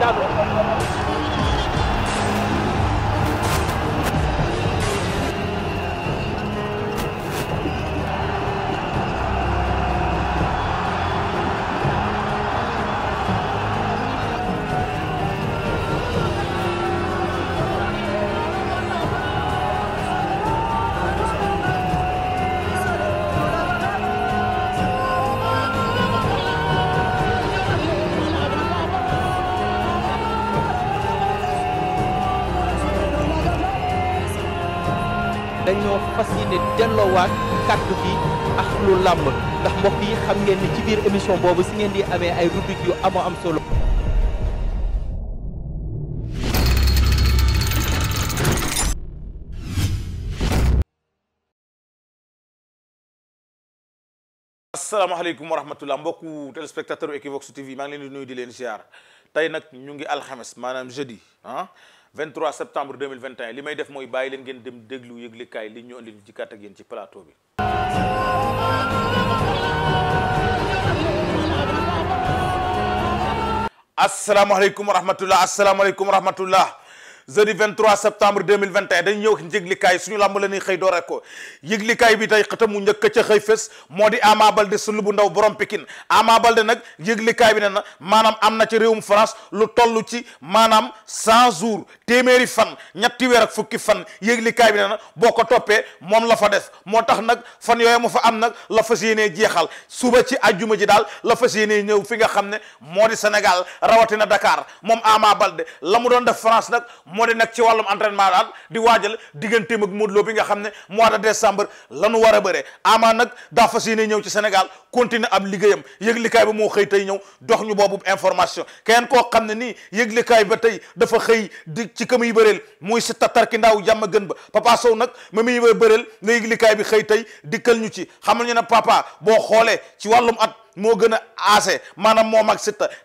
daanu dañoo fas yéene delloowaat kàddu bi ak làmb ndax mbokk yi xam ngeen ni ci biir émission boobu si ngeen di amee ay rubrique yu amoo am solo. asalaamaaleykum wa rahmatullah mbokku téléspectateur Equivox TV maa ngi leen di nuyu di leen ziar tey nag ñu ngi alxames maanaam jeudi ah. 23 septembre 2021 li may def mooy bàyyi leen ngeen dem déglu yëglekaay li ñu indi ci kàtt ak yéen ci plateau bi. asalaamaaleykum wa rahmatulah asalaamaaleykum wa rahmatulah. jeudi 23 septembre 2021 dañu ñëw yëglikaay suñu làmb la ñuy xëy doore ko yëglikaay bi tey xëtam mu njëkk ca xëy fës moo di Ama Baldé sulu bu ndaw borom Pikine Ama Baldé nag yëglikaay bi ne na maanaam am na ci réewum France lu tollu ci maanaam 100 jours téeméeri fan ñetti weer ak fukki fan yëglikaay bi ne na boo ko toppee moom la fa des moo tax nag fan yooyu mu fa am nag la fas yéenee jeexal suba ci ajjuma ji daal la yéenee ñëw fi nga xam ne moo di Sénégal rawatina Dakar moom Ama Baldé la mu doon def France nag moo di nekk ci wàllum entraînement daal di waajal digganteem ak Modou Lo bi nga xam ne mois de décembre la nu war a bëree ama nag daa fas yéene ñëw ci Sénégal continuer ab liggéeyam yëglikaay ba moo xëy tey ñëw dox ñu boobu information kenn koo xam ne nii yëglikaay ba tey dafa xëy di ci kamuy bëreel muy si tatarki ndaaw jàmm gën ba papa Sow nag ma muy bëreel nga yëglikaay bi xëy tey dikkal ñu ci xamal ñu ne papa boo xoolee ci wàllum at moo gën a aase maanaam moom ak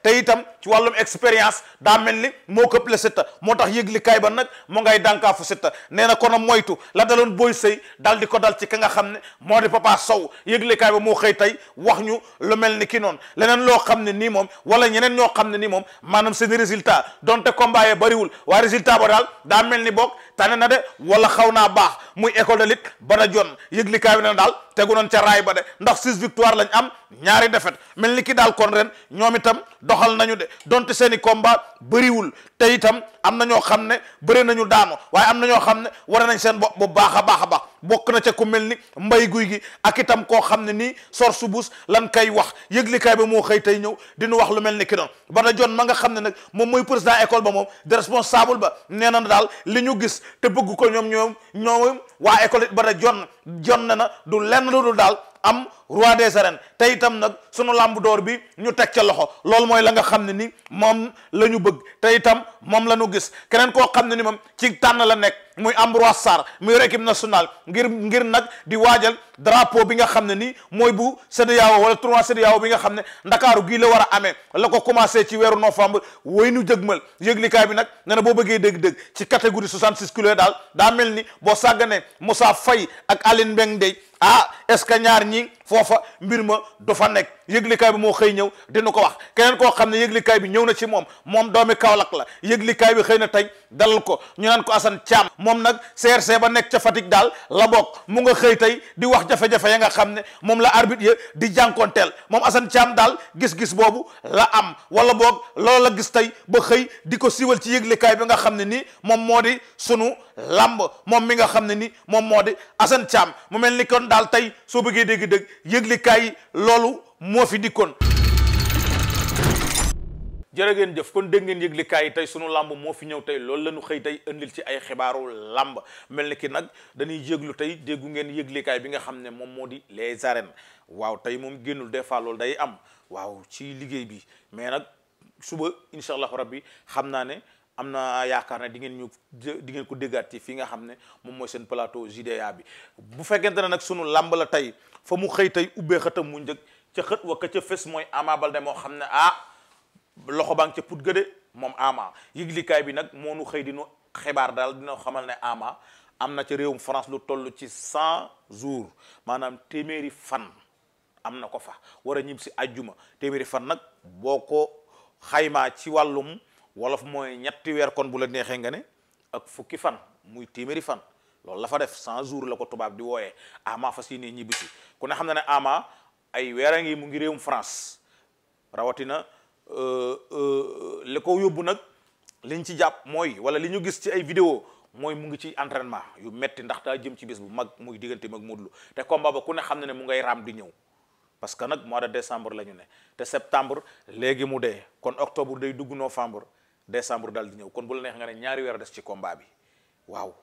tey itam ci wàllum expérience daa mel ni moo këpp la Siteu moo tax yëgli kaay ba nag mu ngay dànkaafu Siteu nee na kono moytu la daloon booy sëy dal di ko dal ci ka nga xam ne moo di Papa Sow yëgli kaay ba moo xëy tey wax ñu lu mel ni ki noonu leneen loo xam ne nii moom wala ñeneen ñoo xam ne nii moom maanaam seeni résultat donte combat yee bariwul waaye résultat ba daal daa mel ni boog tane na de wala xaw naa baax muy école de lutte ba da jon yëgli kaay bi daal tegu noon ca ba de ndax six victoire lañ am ñaari def rafet mel ni ki daal kon ren ñoom itam doxal nañu de donte seen i combat bëriwul te itam am na ñoo xam ne bëri nañu daanu waaye am na ñoo xam ne war nañ seen bopp bu baax baax a baax bokk na ca ku mel ni mbay guy gi ak itam koo xam ne nii sor su lan kay wax yëglikaay ba moo xëy tey ñëw dinu wax lu mel ni ki noonu ba da jon ma nga xam ne nag moom mooy président école ba moom de responsable ba nee na daal li ñu gis te bëgg ko ñoom ñoom ñoom waa école it ba da jon jon na na du lenn lu daal am roi des arènes tey itam nag sunu làmb bi ñu teg ca loxo loolu mooy la nga xam ne ni moom la ñu bëgg te itam moom la ñu gis keneen koo xam ne ni moom ci tànn la nekk mooy Ambroise Sarr mu yor équipe nationale ngir ngir nag di waajal drapeau bi nga xam ne nii mooy bu CEDEAO wala tournoi CEDEAO bi nga xam ne ndakaaru gii la war a amee la ko commencé ci weeru novembre woy nu mël yëglikaay bi nag ne na boo bëggee dëgg-dëgg ci catégorie 66 kilos daal daa mel ni boo sàgganee Moussa Faye ak Aline Mbengue Ndeye ah est ce que ñaar ñi foofa mbir ma du fa nekk yëglikaay bi moo xëy ñëw dina ko wax keneen koo xam ne yëglikaay bi ñëw na ci moom moom doomi Kaolack la yëglikaay bi xëy na tey dalal ko ñu naan ko moom nag CRC ba nekk ca Fatick daal la bokk mu nga xëy tey di wax jafe-jafe nga xam ne moom la arbitre di jànkoonteel moom Assane Thiam daal gis-gis boobu la am wala boog loolu la gis tey ba xëy di ko siiwal ci yëglikaay bi nga xam ne nii moom moo di sunu làmb moom mi nga xam ne ni moom moo di Assane Thiam mu mel ni kon daal tey soo bëggee dégg-dégg yëglikaay loolu moo fi dikkoon. jërë ngeen jëf kon dégg ngeen yëglikaay yi tey sunu làmb moo fi ñëw tey loolu la ñu xëy tey indil ci ay xibaaru lamb mel ni ki nag dañuy yëglu tey déggu ngeen yëglikaay bi nga xam ne moom moo di les arènes waaw tey moom génnul des fois loolu day am waaw ci liggéey bi mais nag suba incha allahu rabbi xam naa ne am na yaakaar ne di ngeen ñu di ngeen ko déggaat ci fi nga xam ne moom mooy seen plateau JDA bi bu fekkente ne nag sunu làmb la tey. fa mu xëy tey ubbee xëtam mu njëkk ca xët wa ca fes mooy Ama Baldé moo xam ne ah loxo baa ngi ca put gëde moom Ama yëglikaay bi nag moo nu xëy di xibaar daal dina xamal ne Ama am na ca réewum France lu toll ci cent jours maanaam téeméeri fan am na ko fa war a ñib si àjjuma téeméeri fan nag boo ko xaymaa ci wàllum wolof mooy ñetti weer kon bu la neexee nga ne ak fukki fan muy téeméeri fan loolu la fa def 100 jours la ko tubaab di wooyee Ama fas yéene ñibbisi ku ne xam ne ne Ama ay weer a ngi mu ngi réewum France rawatina euh, euh, li ko yóbbu nag liñ ci jàpp mooy wala li ñu gis ci ay vidéo mooy mu ngi ci entraînement yu metti ndax daa jëm ci bis bu mag muy diggante mag Modou Lo te combat ba ku ne xam na ne mu ngay raam di ñëw parce que nag mois de décembre la ñu ne te septembre léegi mu dee kon octobre day dugg novembre décembre daal di ñëw kon bu la neex nga ne des ci combat bi waaw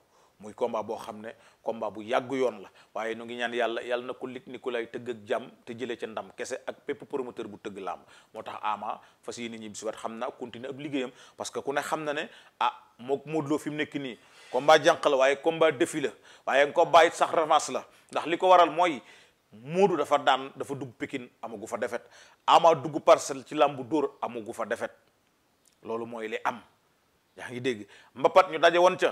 muy combat boo xam ne combat bu yàgg yoon la waaye nu ngi ñaan yàlla yàlla na ko lig ni ku lay tëgg ak jàmm te jëlee ca ndam kese ak pépp promoteur bu tëgg làmb moo tax ama fas yéene ñibbi si waat xam na continuer ab liggéeyam parce que ku ne xam na ne ah mook Modou Lo fi mu nekk nii combat jànq la waaye combat défi la waaye combat it sax revanche la ndax li ko waral mooy Modou dafa daan dafa dugg Pikine amagu fa defet ama dugg parcelle ci làmb dóor amagu fa defet loolu mooy li am yaa ngi dégg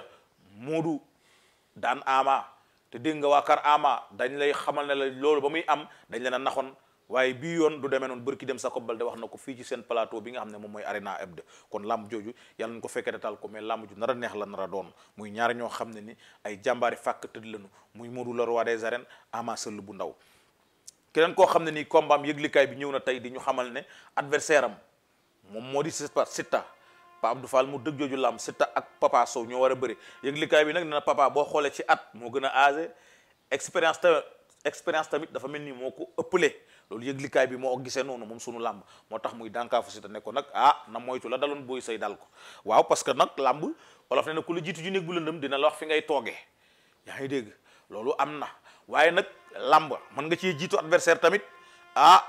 daan ama te dégg nga waa kar ama dañ lay xamal ne la loolu ba muy am dañ leen a naxoon waaye bii yoon du demee noonu bërki dem sa kobal de wax na ko fii ci seen plateau bi nga xam ne moom mooy arena hebdo kon lamb jooju yàlla nañ ko fekkee taal ko mais lamb ju nar a neex la nara a doon muy ñaar ñoo xam ne ni ay jàmbaari fàkk tëdd lañu muy Modou le roi des arènes Ama Sëll bu ndaw keneen koo xam ne nii combat am yëglikaay bi ñëw na tey di ñu xamal ne adversaire am moom moo di Siteu Pa Abdou Fall mu dëgg jooju làmb Siteu ak Papa Sow ñoo war a bëri yëglikaay bi nag nee na papa boo xoolee ci at moo gën a âgé expérience ta tamit dafa mel ni moo ko ëppalee loolu yëglikaay bi moo gisee noonu moom sunu làmb moo tax muy dànkaafu Siteu ne ko nag ah na moytu la daloon booy say dal ko waaw parce que nag làmb wolof ne ku la jiitu ju néeg bu lëndëm dina fi ngay toogee yaa ngi dégg loolu am na waaye nag làmb mën nga ci jiitu adversaire tamit ah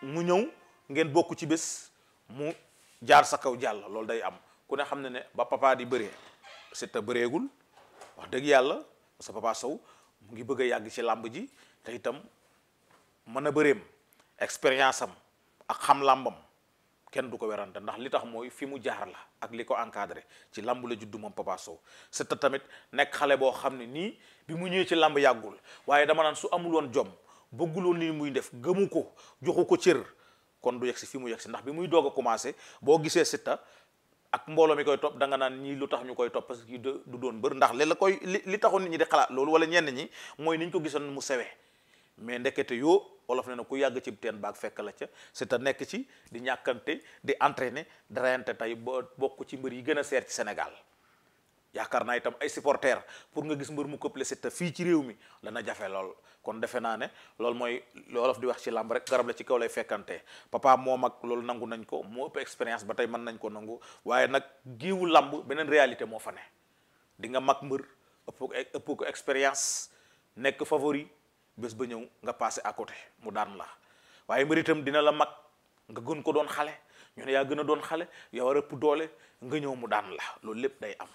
mu ñëw ngeen bokk ci bés mu jaar sa kaw jàll loolu day am ku ne xam ne ne ba papa di bëree Siteu bëreegul wax dëgg yàlla sa que Sow mu ngi bëgg a yàgg ci làmb ji te itam mën a bëreem expérience am ak xam làmbam kenn du ko werante ndax li tax mooy fi mu jaar la ak li ko encadré ci làmb la juddu moom papa Sow Siteu tamit nekk xale boo xam ne nii bi mu ñëwee ci làmb yàggul waaye dama naan su amul woon jom bëggul woon muy def gëmu ko joxu ko cër kon du yegg si fi mu yegg si ndax bi muy doog a commencé boo gisee Siteu ak mbooloo mi koy topp da nga naan ñii lu tax ñu koy topp parce que du doon bër ndax li la koy li li taxoon nit ñi di xalaat loolu wala ñenn ñi mooy niñ ko gisoon mu sewee mais ndekete yoo wolof ne na ku yàgg ci teen baag fekk la ca Siteu nekk ci di ñàkkante di entraîner di reyante tey bokk ci mbër yi gën a seer ci Sénégal yaakaar naa itam ay supporter pour nga gis mbër mu ko blessé te fii ci réew mi dana jafe lool kon defe naa ne loolu mooy loolof di wax ci làmb rek garab la ci kaw lay fekkante papa moo mag loolu nangu nañ ko moo ëpp expérience ba tey mën nañ ko nangu waaye nag giiwu làmb beneen réalité moo fa ne di nga mag mbër ëpp e-, ëpp ko expérience nekk favori bés ba ñëw nga passé à côté mu daan la waaye mbër itam dina la mag nga gën ko doon xale ñu ne yaa gën a doon xale yaa war doole nga ñëw mu daan la loolu lépp day am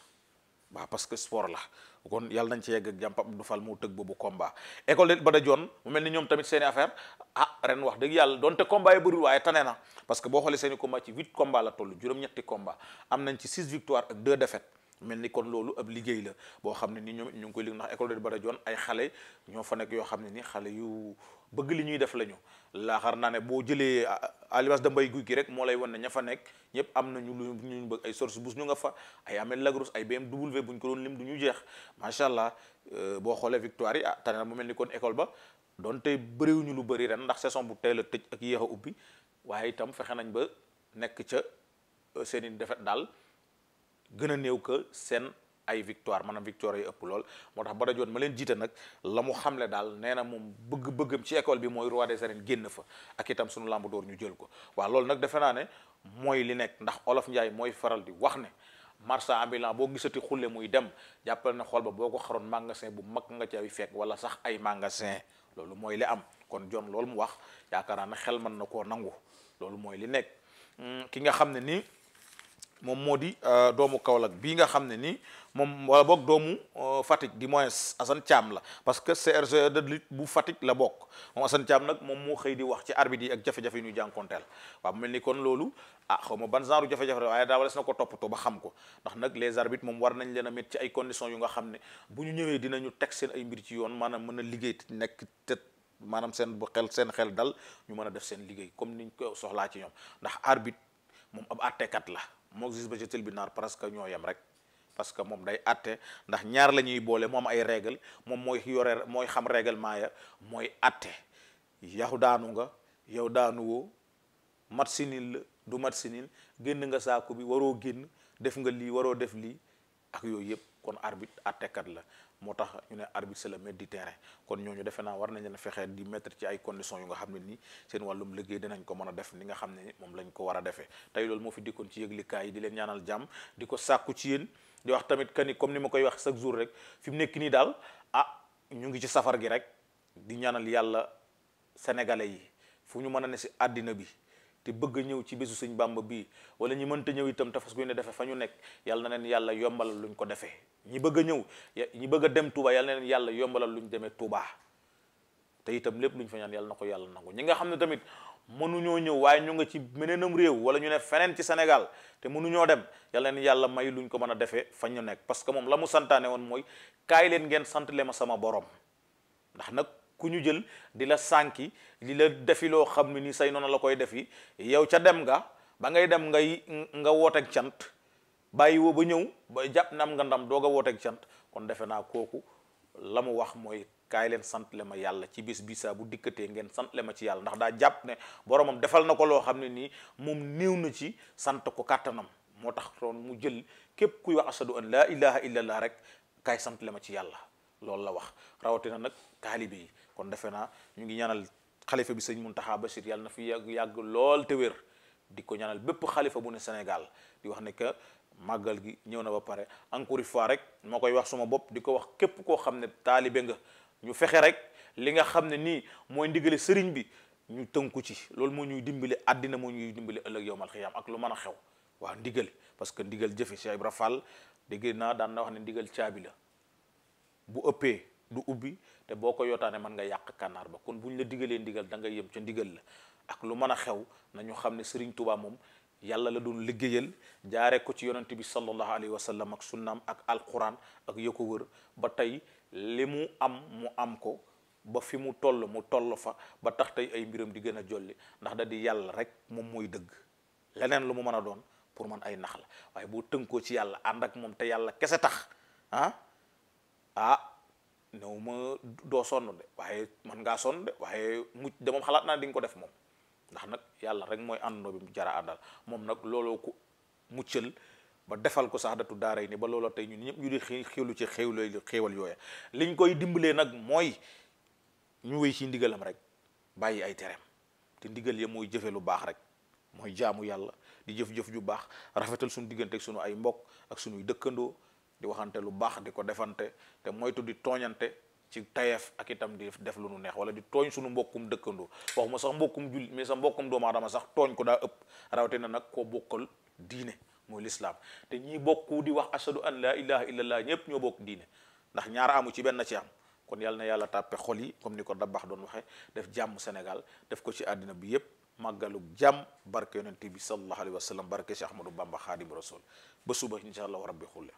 waaw parce que sport la kon yàlla nañ ci yegg ak jàmm Pape Abdou Fall moo tëgg boobu combat école de Bada Dione mu mel ni ñoom tamit seen i ah ren wax dëgg yàlla donte combat yi bëriwul waaye tane na parce que boo xoolee seen i combat ci huit combat la toll juróom-ñetti combat am nañ ci six victoire ak deux défaites mel ni kon loolu ab liggéey la boo xam ne ni ñoom ñu ngi koy lig ndax école de Bada Dione ay xale ñoo fa nekk yoo xam ne nii xale yu bëgg li ñuy def la ñu laaxar naa ne boo jëlee alibas da mbay guy gi rek moo lay won ne ña fa nekk ñëpp am na ñu lu ñu bëgg ay source bus ñu nga fa ay amel lagros ay BMW bu ñu ko doon lim du ñu jeex macha allah euh, boo xoolee victoire yi ah tane na mu mel ni kon école ba donte bëriwuñu lu bëri ren ndax saison bu teel a tëj ak yéex ubbi waaye itam fexe nañ ba nekk ca euh, seen i defet daal gën a néew que seen ay victoire maanaam victoire yi ëpp lool moo tax ba dajoon ma leen jiite nag la mu xamle daal nee na moom bëgg-bëggam ci école bi mooy roi des arènes génn fa ak itam sunu làmb ñu jël ko waaw loolu nag defe naa ne mooy li nekk ndax olof Njaay mooy faral di wax ne marchand ambulant boo gisati xulle muy dem jàppale na xool ba boo ko xaroon magasin bu mag nga ci ay fekk wala sax ay magasin loolu mooy li am kon jon loolu mu wax yaakaar naa ne xel man na koo nangu moom moo di euh, doomu Kaolack bii nga xam ne nii moom wala boog doomu euh, Fatick di moins Assane Thiam la parce que CRG de lutte bu Fatick la bokk moom Assane caam nag moom moo xëy di wax ci arbitre yi ak jafe-jafe yi ñuy jànkonteel waaw mel ni kon loolu ah xaw ma ban genre jafe-jafe la waaye daawales na ko toppatoo ba xam ko ndax nag les arbitres moom war nañ leen a mettre ci ay conditions yu nga xam ne bu ñu ñëwee dinañu teg seen ay mbir ci yoon maanaam mën a liggéey nekk te maanaam seen bu seen xel dal ñu mën a def seen liggéey comme niñ ko soxlaa ci ñoom ndax arbitre moom ab àttekat la mook gis ba ci tribunal parce que ñoo yem rek parce que moom day àtte ndax ñaar la ñuy boole moom ay régle moom mooy yore mooy xam règlement ya mooy àtte yow daanu nga yow daanu woo mat sinil la du mat sinil génn nga saako bi waroo génn def nga lii waroo def lii ak yooyu yëpp kon arbitre àttekat la moo tax ñu ne arbitre c'est le maître du terrain kon ñooñu defe naa war nañ leen fexee di mettre ci ay conditions yu nga xam ne nii seen wàllum liggéey dinañ ko mën a def ni nga xam ne moom lañ ko war a defee tey loolu moo fi dikkoon ci yëglikaay yi di leen ñaanal jàmm di ko sàkku ci yéen di wax tamit que ni comme ni ma koy wax chaque jour rek fi mu nekk nii daal ah ñu ngi ci safar gi rek di ñaanal yàlla sénégalais yi fu ñu mën a ne si àddina bi te bëgg ñëw ci bésu sëñ bàmba bii wala ñu mënta ñëw itam te fas yéene defe ñu nekk yàlla na leen yàlla yombalal luñ ko defee ñi bëgg a ñëw ñi bëgg dem Touba yal na leen yàlla yombalal lu ñu demee Touba te itam lépp lu ñu fa ñaan yàlla na ko yàlla nangu ñi nga xam ne tamit mënuñoo ñëw waaye ñu nga ci meneenam réew wala ñu ne feneen ci Sénégal te mënuñoo dem yal na leen yàlla may luñ ko mën a defee fa ñu nekk parce que moom la mu santaane woon mooy kaay leen ngeen sant le ma sama borom ndax nag ku ñu jël di la sànki di la defi loo xam ne nii say noonu la koy defi yow ca dem nga ba ngay dem ngay nga wooteeg cant bàyyi woo ba ñëw ba jàpp nam nga ndam doog a wooteeg cant kon defe naa kooku la mu wax mooy kaay leen sant le ma yàlla ci bis bi saa bu dikkatee ngeen sant ma ci yàlla ndax jàpp ne boromam defal na ko loo xam ne nii moom néew na ci sant ko kàttanam moo tax toon mu jël képp kuy wax ashadu an laa ilaha illallah rek kaay sant le ma ci yàlla loolu la wax rawatina nag taalibe yi kon defe naa ñu ngi ñaanal xalifa bi sëñ Muntaxa Bachir yàlla na fi yàgg yàgg lool te wér di ko ñaanal bépp xalifa bu ne Sénégal di wax ne màggal gi ñëw na ba pare encore fois rek ma koy wax suma bopp di ko wax képp koo xam ne taalibe nga ñu fexe rek li nga xam ne nii mooy ndigale sëriñ bi ñu tënku ci loolu moo ñuy dimbale àddina moo ñuy dimbale ëllëg yowmal xiyaam ak lu mën a xew waaw ndigal parce que ndigal jëfe Cheikh Ibra Fall dégg naa daan na wax ne ndigal caabi la bu ëppee du ubbi te boo ko yotaane mën nga yàq kànnaar ba kon bu ñu la digalee ndigal da nga yem ca ndigal la ak lu mën a xew na xam ne sëriñ Tuubaa moom yàlla la doon liggéeyal jaaree ko ci yonent bi sallallahu alayhi wa sallam ak sunnaam ak alquran ak yo ko wër ba tey li mu am mu am ko ba fi mu toll mu toll fa ba tax tey ay mbiram di gën a jolli ndax da di yàlla rek moom mooy dëgg leneen lu mu mën a doon pour man ay nax la waaye boo tënkoo ci yàlla ànd ak moom te yàlla kese tax ah ah néew ma doo sonn de waaye man ngaa sonn de waaye mucc de moom xalaat naa di nga ko def moom ndax nag yàlla rek mooy àndandoo bi mu jara àndal moom nag looloo ko muccal ba defal ko sax datu daara ni ba looloo tey ñun ñëpp ñu di xéwlu ci xéwlu xéewal yooya liñ koy dimbalee nag mooy ñu wéy ci ndigalam rek bàyyi ay tereem te ndigal ya mooy jëfe lu baax rek mooy jaamu yàlla di jëf-jëf ju baax rafetal suñu diggante suñu ay mbokk ak suñuy dëkkandoo di waxante lu baax di ko defante te moytu di tooñante ci tayeef ak itam di def lu nu neex wala di tooñ suñu mbokkum dëkkandoo waxuma sax mbokkum jullit mais sa mbokkum doomaa aadama sax tooñ ko daa ëpp rawatina nag koo bokkal diine mooy lislaam te ñi bokku di wax ashadu an la ilaha illallah ñëpp ñoo bokk diine ndax ñaara amu ci benn ci am kon yàlla na yàlla tàppe xol yi comme ni ko dabax doon waxe def jàmm Sénégal def ko ci àddina bi yépp màggalu jàmm barke yonente bi sallallahu alayhi wa sallam barke Cheikh Ahmadou Bamba xaadim rasul ba suba incha allah rabbi xulle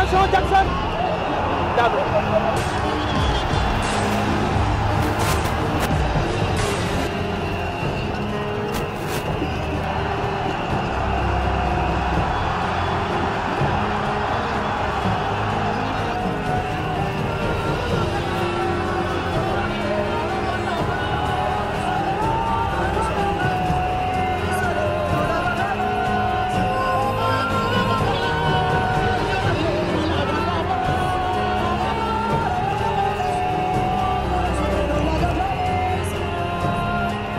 attention Jackson daanu